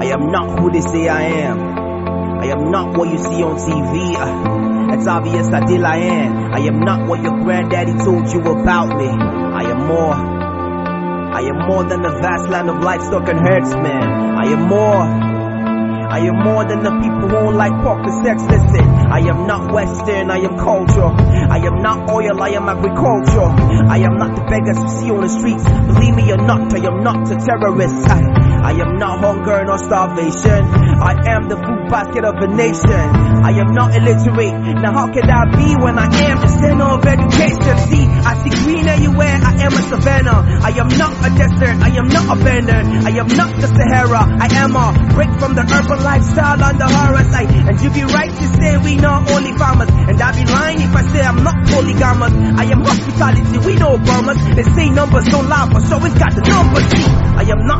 I am not who they say I am. I am not what you see on TV. It's obvious I did I am. I am not what your granddaddy told you about me. I am more. I am more than the vast land of livestock and herdsmen. I am more. I am more than the people who don't like pork and sex. Listen, I am not Western, I am culture. I am not oil, I am agriculture. I am not the beggars you see on the streets. Believe me or not, I am not a terrorist. I I am not hunger nor starvation. I am the food basket of a nation. I am not illiterate. Now how could I be when I am the center of education? See, I see green everywhere. I am a savannah. I am not a desert. I am not abandoned. I am not the Sahara. I am a break from the urban lifestyle on the horror side. And you be right to say we not only farmers. And I would be lying if I say I'm not polygamous. I am hospitality. We know bombers. They say numbers don't lie, but so it's got the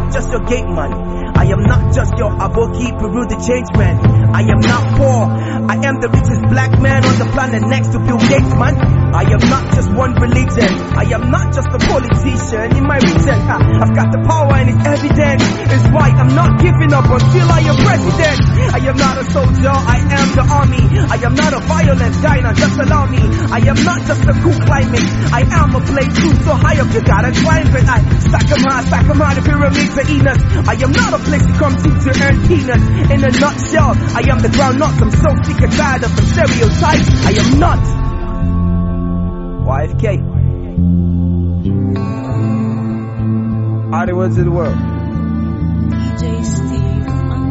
not just your gate man. I am not just your aboki, Peru the change man. I am not poor. I am the richest black man on the planet next to Bill Gates man. I am not just one religion. I am not just a politician in my region. I, have got the power and it's evident. It's why I'm not giving up until I am president. I am not a soldier. I am the army. I am not a violent diner. Just allow me. I am not just a cool climate. I am a play too. So high up you gotta climb it. I Stack em high, stack em high, the pyramids are eating us. I am not a place to come to to earn peanuts. In a nutshell, I am the ground nuts. I'm so sick and tired of the stereotypes. I am not. YFK. Are the words of the world? DJ Steve.